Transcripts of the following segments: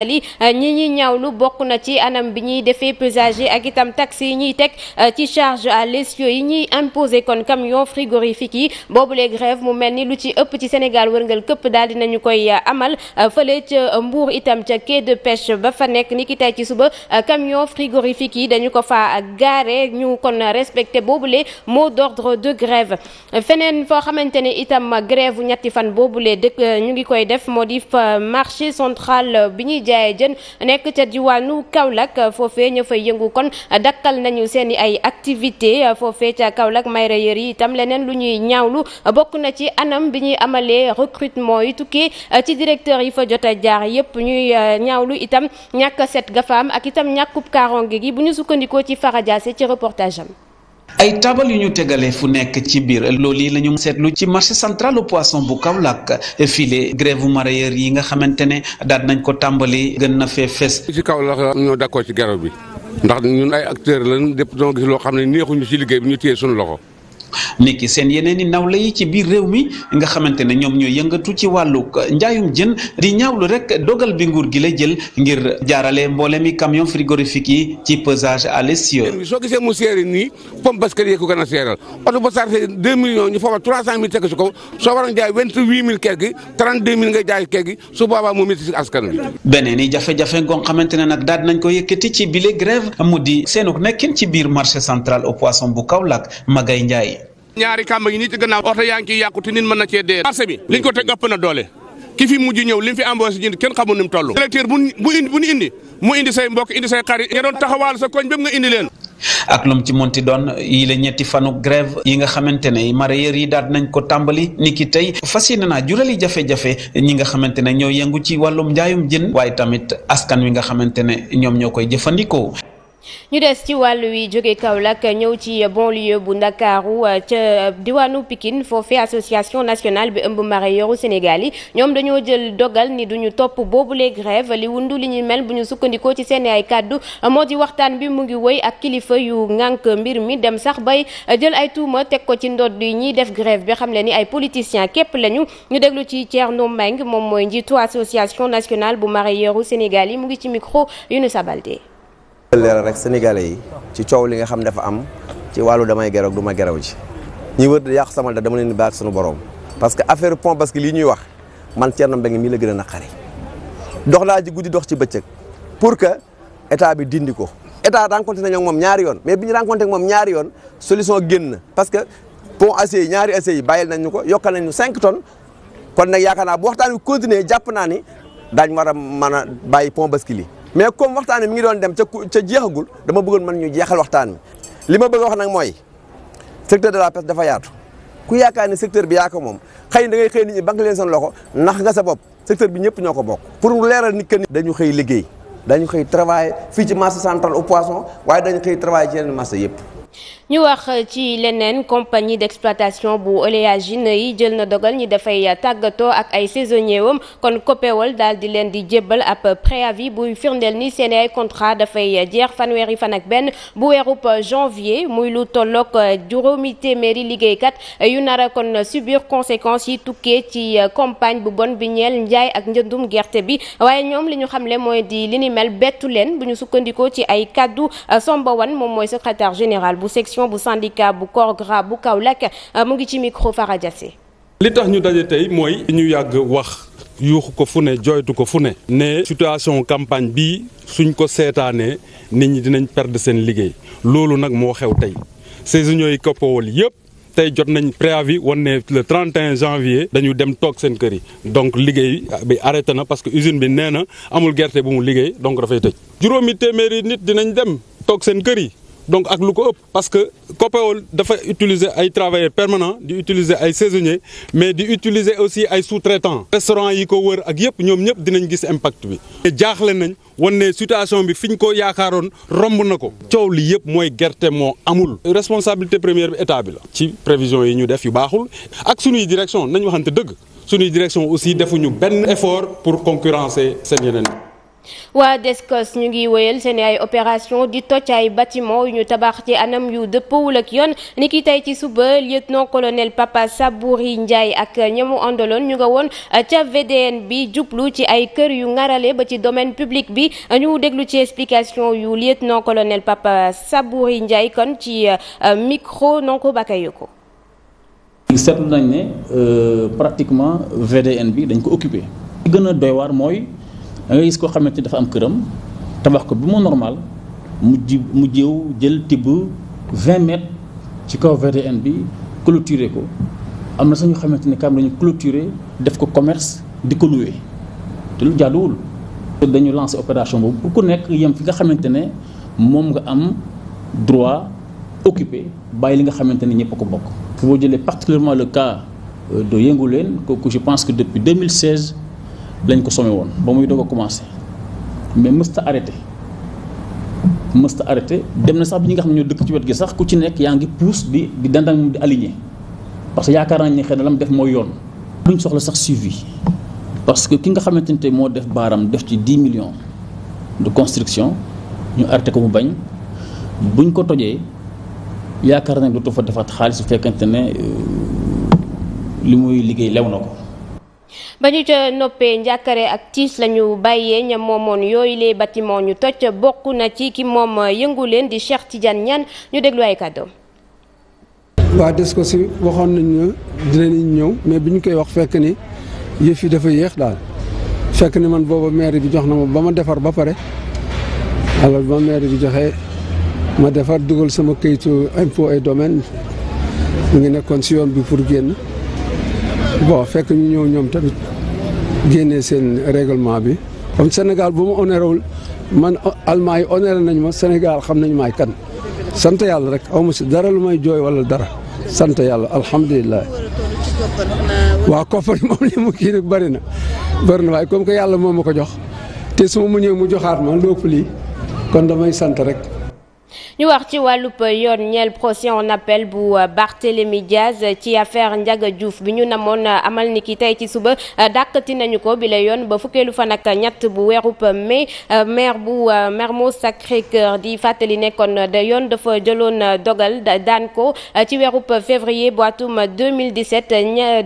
Euh, ñi ñi lu bokk na ci anam bi ñuy defee pesager ak itam taxi yi ñuy teg euh, ci charge à l'essieu yi ñuy imposé kon camion frigorifique yi boobu les grève mu mel ni lu ci ëpp ci Sénégal wërngal këpp daal nañu koy euh, amal fële ca Mbour itam ca quai de pêche ba fa nekk ni ki tey ci suba camion frigorifique yi dañu ko fa gaare ñu kon respecté boobule mot d'ordre de grève feneen foo xamante ne itam grève ñetti fan boobule dëkk ñu ngi koy def moo di marché central jaaye jën nekk ca diwaanu Kaolack foofee ña fay yëngu kon dakkal nañu seen i ay activité foofee ca Kaolack may rayéer yi itam leneen lu ñuy ñaawlu bokk na ci anam bi ñuy amalee recrutement yi tukkee ci directeur yi fa jot a jaar yépp ñuy euh, ñaawlu itam ñàkk set am ak itam ñàkkub kaaronge gi bu ñu sukkandikoo ci Fara Diassé ci reportage am ay tabal yu ñu tegalee fu nekk ci biir loolu yi la ñu seetlu ci marché central au poisson bu Kaolack file bu mareyeur yi nga xamante ne daal nañ ko tàmbali gën na fee fees. ci Kaolack ñoo d'accord ci garab bi ndax ñun ay acteur lañ dépp doo gis loo xam ne neexuñu ci liggéey bi ñu téye suñu loxo. niki seen yeneen i nawle yi ci biir réew mi nga xamante ne ñoom ñooy yëngatu ci wàllu uh, njaayum jën di ñaawlu rek dogal bi nguur gi la jël ngir jaarale mboole mi camion frigorifique yi ci pesage à l'essieu. soo gisee mu seeri nii pompe parce que yee ko a seeral oto ba sarse 2 millions ñu foofa 300000 teg si ko soo waroon jaay 28000 kër gi nga jaay kër gi su boobaa mu métti si askan wi. beneen i jafe-jafe nga xamante ne nag daal nañ ko yëkkati ci bile grève mu di seenug nekkin ci biir marché central au poisson bu Kaolack Magaye Ndiaye. ñaari kàmba yi nii ci gannaaw oto yaa ngi ciy yàqu te nit mën na cee dee marché bi liñ ko teg ëpp na doole ki fi mujj ñëw li mu fi embauché ñi kenn xamul ni mu toll électeur bu bu ñu indi mu indi say mbokk indi say xarit nga doon taxawaal sa koñ bépp nga indi leen ak lum ci monti doon yi la ñetti fanu grève yi nga xamante ne mareyeur yi daal nañ ko tàmbali nit ki tey fas yéene naa jurali jafe-jafe ñi nga xamante ne ñoo yëngu ci wàllum njaayum jën waaye tamit askan wi nga xamante ne ñoom ñoo koy jëfandikoo ñu des ci wàll wi jóge Kaolack ñëw ci banlieue bu Ndakaaru euh, ca diwaanu pikin foofee association nationale bi ëmb mareyeurs Sénégal yi ñoom dañoo jël dogal ni duñu topp boobulee grève li wundu li ñu mel bu ñu sukkandikoo ci seen ay kàddu euh, moo ci waxtaan bi mu ngi woy ak kilifa yu ngànk mbir mi dem sax bay euh, jël ay tuuma teg ko ci ndodd yi ñiy def grève bi xam le ni ay politiciens képp lañu ñu déglu ci Thierno Mbengue moom mooy njiitu association nationale bu mareyeurs Sénégal yi mu ngi ci micro Younoussa Baldé leeral rek sénégalais yi ci coow li nga xam dafa am ci wàllu damay gerew du ma gerew ji ñi war di yàqu sama da dama leen di baax suñu borom parce que affaire pont parce que lii ñuy wax man Thierno Mbengue mii la gën a naqari dox naa ji guddi dox ci bëccëg pour que état bi dindi ko état rencontré nañu ak moom ñaari yoon mais bi ñu rencontré ak ñaari yoon solution génn na parce que pont acier yi ñaari acier yi bàyyil nañ ñu ko yokkal nañ ñu 5 tonnes kon nag yaakaar naa bu waxtaan wi jàpp naa ni daañu war a a bàyyi pont bascule yi mais comme waxtaan mi ngi doon dem ca ca jeexagul dama bëggoon man ñu jeexal waxtaan mi li ma bëgg a wax nag mooy secteur de la pêche dafa yaatu ku yaakaar ne secteur bi yaa moom xëy na ngay xëy nit ñi banque leen seen loxo nax nga sa bopp secteur bi ñëpp ñoo ko bokk pour leeral nit que ni dañu xëy liggéey dañu xëy travailler fii ci marché central au poisson waaye dañu xëy travailler ci yeneen marché yëpp ñu wax ci leneen compagnie d'exploitation bu oléagineux yi jël na dogal ñi dafay tàggatoo ak ay saisonniers wam kon COPEOL daal di leen di jébbal ab préavis buy firndeel ni seen ay contrat dafay jeex fanweeri fan ak benn bu weerub janvier muy lu tolloog juróomi téeméeri liggéeykat yu nar a kon subir conséquences yi tukkee ci campagne bu bon bi ñeel njaay ak njëndum gerte bi waaye ñoom li ñu xamle mooy di li ni mel bettu leen bu ñu sukkandikoo ci ay kàddu Samba moom mooy secrétaire général bu section section bu syndicat bu corps gras bu Kaolack euh, mu ngi ci micro Fara Diassé li tax ñu daje tey mooy ñu yàgg wax yuuxu ko fu ne jooytu ko fu ne ne situation campagne bi suñ ko seetaanee nit ñi dinañ perdre seen liggéey loolu nag moo xew tey saisonniers yi koppawal yëpp tey jot nañ préavis wan ne le 31 janvier dañu dem toog seen kër yi donc liggéey bi arrêté na parce que usine bi nee na amul gerte bu mu liggéey donc dafay tëj juróomi téeméeri nit dinañ dem toog seen kër yi donc ak lu ko ëpp parce que COPEOL dafa utiliser ay travailleurs permanents di utiliser ay saisonniers mais di utiliser aussi ay sous-traitants restaurant yi ko wër ak yëpp ñoom ñëpp dinañ gis impact bi te jaaxle nañ wan ne situation bi fi ñu ko yaakaaroon romb na ko coow li yëpp mooy gerte moo amul responsabilité première bi état bi la ci prévision yi ñu def yu baaxul ak suñuy direction nañ waxante dëgg suñuy direction aussi defuñu benn effort pour concurrencer seen yeneen waa DSCOS ñu ngiy wéyal seeni ay opération di toj ay bâtiment yu ñu tabax ci anam yu dëppawul ak yoon ni ki tey ci suba lieutenant colonel Papa Sabouri Ndiaye ak ñamu àndaloon ñu nga woon ca VDN bi jublu ci ay kër yu ngarale ba ci domaine public bi dañu déglu ci explication yu lieutenant colonel Papa Sabouri Ndiaye kon ci euh, micro Nonko Bakayoko seetlu nañ ne euh, pratiquement VDN bi dañ ko occupé. li gën a mooy. da ngay gis koo xamante ni dafa am këram tabax ko bi mu normal mu ji mu jëw jël tibb 20 ci kaw VDN bi clôturer ko am na sañu xamante ni kam dañu clôturer def ko commerce di ko louer te lu te dañu lancé opération boobu pour ku nekk yem fi nga xamante ne moom nga am droit occupé bàyyi li nga xamante ne ñëpp a ko bokk boo jëlee particulièrement le cas euh, de Yëngu Leen kooku je pense que depuis 2016 lañ ko sommé woon ba muy doog a commencé mais mësta arrêté mësta arrêté dem na sax bi ñi nga xam ne ñoo dëkk ci wet gi sax ku ci nekk yaa ngi puus di di dandan moom di aligné parce que yaakaar nañ ne xëy na lam def mooy yoon duñ soxla sax suivi parce que ki nga xamante ne moo def baaram def ci 10 millions de construction ñu arrêté ko mu bañ buñ ko tojee yaakaar nañ dootu fa defaat xaalis bu fekkente ne euh, li muy liggéey lew na ko ba ñu ca noppee njàkkare ak tiis lañu bàyyee ña moomoon yooyu les bâtiment ñu toj bokk na ci ki moom yëngu leen di ci jan ñan ñu déglu ay kàddoom waa des ko si waxoon nañu dinañ ñëw mais bi ñu koy wax fekk ni yëf yi dafa yéex daal fekk ni man booba maire bi jox na ma ba ma defar ba pare alors ba maire bi joxee ma defar dugal sama kayitu impôt ay domaine mu ngi nekkoon si yoon bi pour génn bon fekk ñu ñëw ñoom tamit génne seen règlement bi comme Sénégal bu ma honorewul man Allemagne yi honoré nañ ma Sénégal xam nañ may kan sant yàlla rek aw ma si dara lu may jooy wala dara sant yàlla alhamdulilah. waaw koppar moom li mu kii nag bëri na bëri na waaye comme que yàlla moom ma ko jox te su ma mu ñëw mu joxaat ma lépp lii kon damay sant rek. ñu wax ci wàllub yoon ñeel procès en appel bu euh, Barthélémy Diaz ci affaire Ndiaga juuf bi ñu namoon euh, amal ni ki tey ci suba euh, dàkkati nañu ko bi yoon ba fukkeelu fa ak ñett bu weerub mai maire bu Mermoz Sacré-Cœur di fàttali nekkoon de yoon dafa jëloon dogal daan ko ci weerub février bu atum 2017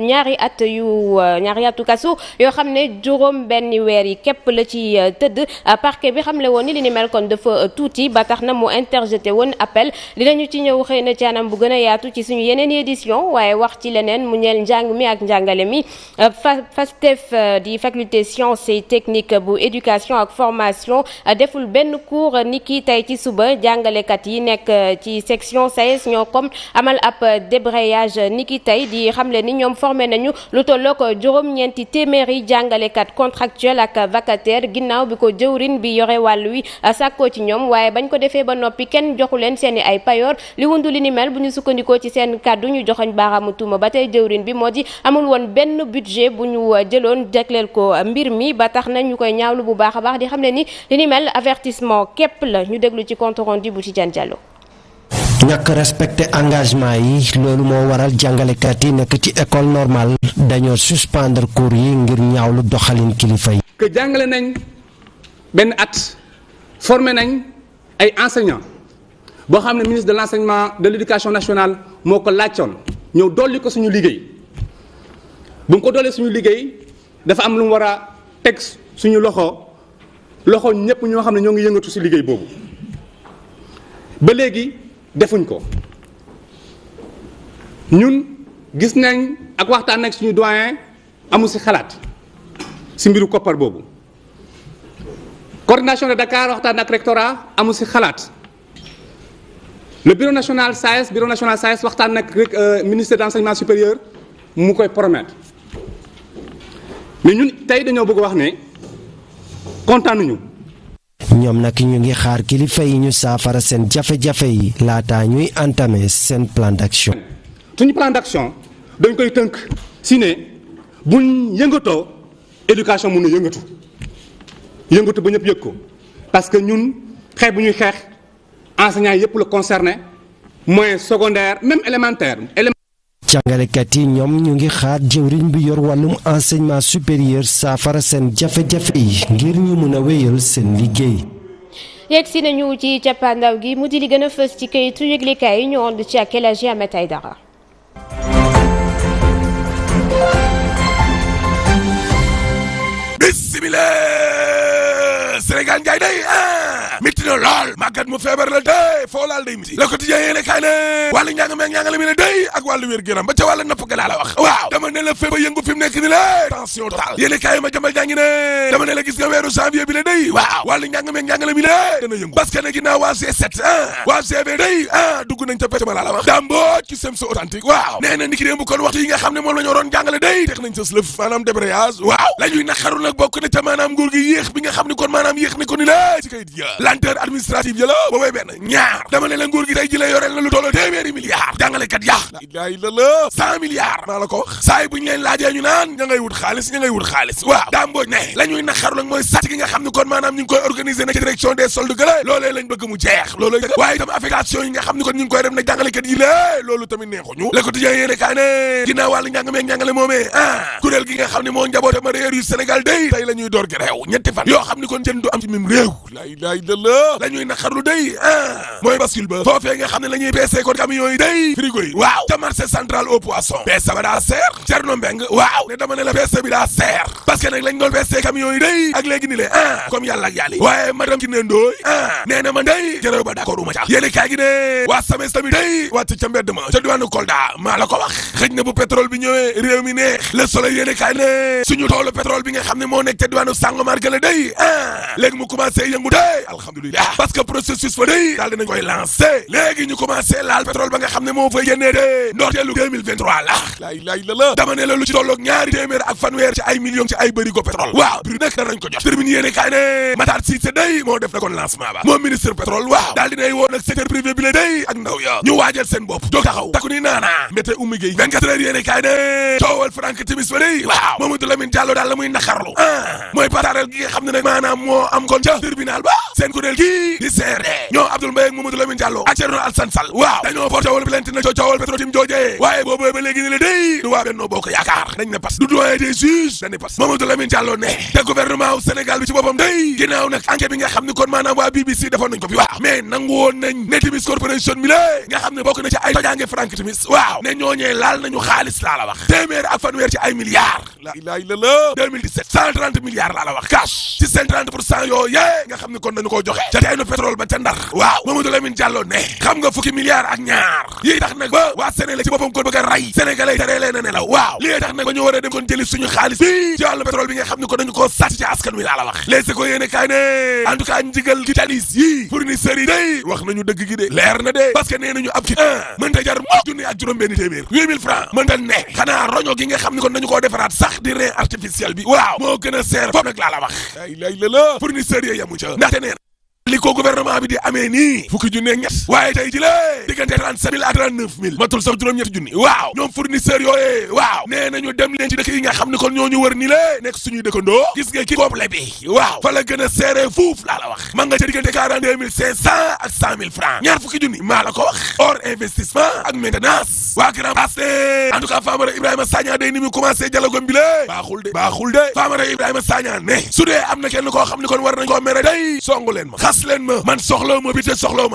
ñaari at yu ñaari atu kasu yoo xam ne juróom benn weer yi képp la ci tëdd parquet bi xamle woon ni li ni mel dafa tuuti ba tax na mu interjeté rejeté woon appel dinañu ci ñëw xëy na ci anam bu gën a yaatu ci suñu yeneen édition waaye wax ci leneen mu ñeel njàng mi ak njàngale mi euh, FASTEF euh, di faculté sciences et technique bu éducation ak formation euh, deful benn cours ni ki tey ci suba jàngalekat yi nekk ci section SAES e ñoo comme amal ab débrayage ni ki tey di xamle ni ñoom forme nañu lu tolloo ko juróom-ñeenti téeméeri jàngalekat contractuel ak vacataire ginnaaw bi ko jëwrin bi yore wàll wi sàkkoo kenn joxu leen seen i ay payoor li wundu li ni mel bu ñu sukkandikoo ci seen kàddu ñu joxoñ baaraamu ba tey jëwrin bi moo di amul woon benn budget bu ñu uh, jëloon jagleel ko uh, mbir mi ba tax na ñu koy ñaawlu bu baax a baax di xam ne ni li ni mel avertissement képp la ñu déglu ci compte rendu bu ci Tidiane Diallo ñàkk respecté engagement yi loolu moo waral jàngalekat yi nekk ci école normale dañoo suspendre cours yi ngir ñaawlu doxalin kilifa yi. que jàngale nañ benn at formé nañ ay enseignants. boo xam ne ministre de l'enseignement de l'éducation nationale moo ko laajoon ñëw dolli ko suñu liggéey bu mu ko dollee suñu liggéey dafa am lu mu war a teg suñu loxo loxo ñëpp ñoo xam ne ñoo ngi yëngatu si liggéey boobu ba léegi defuñ ko ñun gis nañ ak waxtaan ak suñu doyen amu si xalaat si mbiru koppar boobu coordination de Dakar waxtaan ak rectorat amul si xalaat. le bureau national SAES bureau national SAES waxtaan nag rek euh, ministère d' enseignement supérieur mu koy promettre mais ñun tey dañoo bëgg wax ne kontaanuñu. ñoom nag ñu ngi xaar kilifa yi ñu saafara seen jafe-jafe yi laataa ñuy entamer seen plan d' action. suñu plan d' dañ koy tënk si ne buñ yëngatoo éducation mu na yëngatu yëngatu ba ñëpp yëg ko parce que ñun xeex bu ñuy xeex. enseignants yépp lu concerné moyen secondaire même élémentaire. jàngalekat yi ñoom ñu ngi xaar jëwriñ bi yor wàllum enseignement supérieur saafara seen jafe-jafe yi ngir ñu mën a wéyal seen liggéey. yegg si nañu ci cappaandaw gi mu di li gëna a fës ci kayitu yëglekaay yi ñu di ci ak El Hadji Ahmed Aïdara métti na lool màggat mu feebar la dee foo laal day métti le quotidien yéene kaay ne wàllu njàng meeg njàngale mi ne day ak wàllu wér gëram ba ca wàllu napp ga laa la wax waaw dama ne la feebar yëngu fi mu nekk ni la tension totale yéene kaay ma jambal jàngi ne dama ne gis nga weeru janvier day waaw wàllu njàng mi la ah, ah, wax damboo ci sem waaw nee na ni ki démb nga xam ne moom la ñoo doon day tex nañ sa slëf waaw la na ca maanaam kayit ya lenteur administrative ya la ba way benn ñaar dama ne la nguur gi tey ji la yoreel na lu tolloo téeméeri milliards jàngalekat ya la ilaha illallah ko wax bu ñu laajee ñu naan ña ngay xaalis ña ngay xaalis waaw daambooj ne la ñuy naqarlu mooy sàcc gi nga xam ne kon maanaam ñu ngi koy organiser na ci direction des soldes loolu waaye itam affectation ñu ngi koy def nag jàngalekat yi lée loolu tamit moomee ah kuréel gi nga xam ne moo njabootam laa ilaaha illallaah la ñuy naqarlu day ah mooy bascule ba foofee nga xam ne la ñuy peesee ko camion yi day frigo yi waaw te marché central au poisson peese ba daa seer Thierno Mbengue waaw ne dama ne la peese bi daa seer parce que nag lañ doon peesee yi day ak léegi ni le ah comme yàlla ak yàlla waaye madame Kiné Ndoye ah nee na ma day jërëw ba d'accord uma ca yéeni kaay gi ne waa SAMES tamit day wàcc ca mbedd ma ca diwaanu Kolda maa la ko wax xëj na bu pétrole bi ñëwee mu dee alhamdulilah daal dinañ koy lancé léegi ñu day moo def na kon lancement ba moom ministre pétrole waaw daal dinay woon ak secteur privé taxaw takku ni naana mbéte ummi géey 24 heures yéene kaay Frank Timis fa day waaw Mamadou Lamine Diallo daal muy naqarlu ah mooy pataaral gi nga xam maanaam moo am kon ca tribunal tribunal ba seen kuréel gii di CRD ñoom Abdoul Mbaye ak Mamadou Lamine Diallo ak Thierno Alassane Sall waaw dañoo porté woon plainte na coowal Petro-Tim joojee waaye boobu ba léegi ne la day du waa Benno Bokk Yaakaar dañ ne pas du doyen des juges dañ ne pas Mamadou Lamine Diallo ne te gouvernement wu Sénégal bi ci boppam day ginnaaw nag enquête bi nga kon maanaam waa BBC defoon nañ ko fi waaw mais nangu woon nañ ne na ci ay laa la wax téeméer ak fanweer ci ay milliards xam ne kon dañu koo joxe ca teenu pétrole ba ca ndar waaw Mamadou Lamine Diallo ne ko yéene kaay ne en njigal ki talis yi fournisseurs wax nañu dëgg gi de leer na de parce que nee nañu ab ki mënta jar mukk junni ak juróom benn téeméer huit francs mënta ne xanaa roño gi nga xam ne kon defaraat sax di rein artificiel bi waaw moo gën seer foofu nag laa la wax ay lay la ndaxte nee na li ko gouvernement bi di amee nii fukki junne ñett waaye tey ji lee diggante 37000 ak 39000 matul sax juróom-ñetti junni waaw ñoom fournisseur yooyee waaw nee nañu dem leen dëkk yi nga xam ne kon ñoo wër ni lée nekk suñuy dëkkandoo gis nga ki kooble bi waaw fa gën a seere fuuf laa la wax ma nga ca diggante 42500 ak 100000 francs ñaar fukki junni maa la ko wax hors investissement ak maintenance waa grand passe en tout cas Famara xam ne kon war nañ tas leen ma man soxlaw ma budget sabab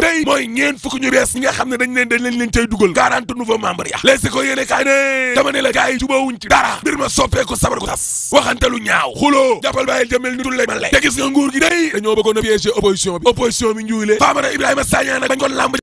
day mooy ñeen fukk bees ñi xam ne dañ leen dañ leen leen cay dugal quarante nouveaux membres ya les ko yéene kaay dama ne la gars yi jubawuñ ci dara mbir ma soppee ko sabar ko tas ñaaw xuloo jàppal bàyyil jëmel ni dul lay man nga nguur gi day dañoo bëggoon a piéger opposition bi opposition bi njuulee Ibrahima Sagna nag bañ ko làmb